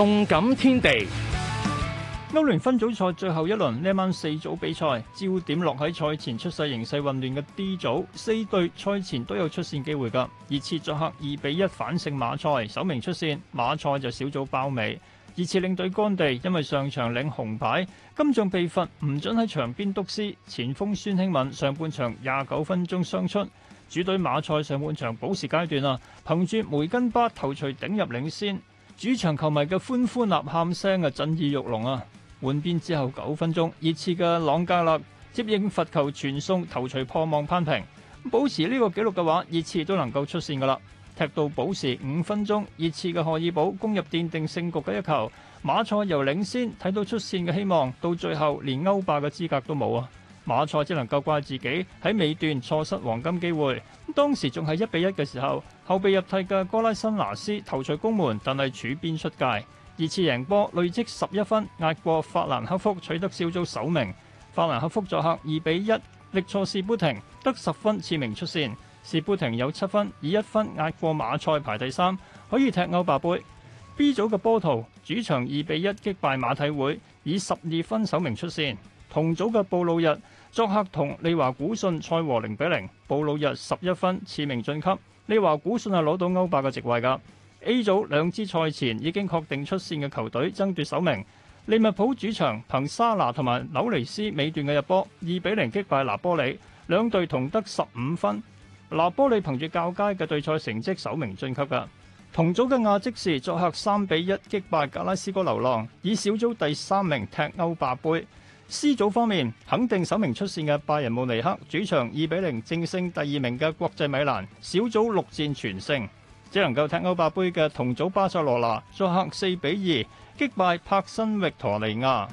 動感天地，歐聯分組賽最後一輪，呢晚四組比賽，焦點落喺賽前出線形勢混亂嘅 D 組，四隊賽前都有出線機會噶。熱刺作客二比一反勝馬賽，首名出線；馬賽就小組包尾。熱刺領隊干地因為上場領紅牌，今仗被罰唔准喺場邊督師。前鋒孫興敏上半場廿九分鐘傷出，主隊馬賽上半場補時階段啊，憑住梅根巴頭槌頂入領先。主場球迷嘅歡呼吶喊聲啊，震耳欲聾啊！換邊之後九分鐘，熱刺嘅朗加勒接應罰球傳送，頭槌破網扳平。保持呢個紀錄嘅話，熱刺都能夠出線㗎喇。踢到補時五分鐘，熱刺嘅荷爾堡攻入奠定勝局嘅一球，馬賽由領先睇到出線嘅希望，到最後連歐霸嘅資格都冇啊！馬賽只能夠怪自己喺尾段錯失黃金機會，當時仲係一比一嘅時候，後備入替嘅哥拉辛拿斯頭槌攻門，但係處邊出界，二次贏波累積十一分，壓過法蘭克福取得小組首名。法蘭克福作客二比一力挫士砵亭，得十分次名出線。士砵亭有七分，以一分壓過馬賽排第三，可以踢歐霸杯。B 組嘅波圖主場二比一擊敗馬體會，以十二分首名出線。同組嘅布魯日。作客同利華古信賽和零比零，布魯日十一分次名晉級，利華古信係攞到歐霸嘅席位噶。A 組兩支賽前已經確定出線嘅球隊爭奪首名，利物浦主場憑沙拿同埋紐尼斯尾段嘅入波二比零擊敗拿波里，兩隊同得十五分。拿波里憑住較佳嘅對賽成績首名晉級噶。同組嘅亞積士作客三比一擊敗格拉斯哥流浪，以小組第三名踢歐霸杯。C 組方面，肯定首名出線嘅拜仁慕尼克主場二比零正勝第二名嘅國際米蘭，小組六戰全勝。只能夠踢歐霸杯嘅同組巴塞羅那作客四比二擊敗柏新域陀尼亞。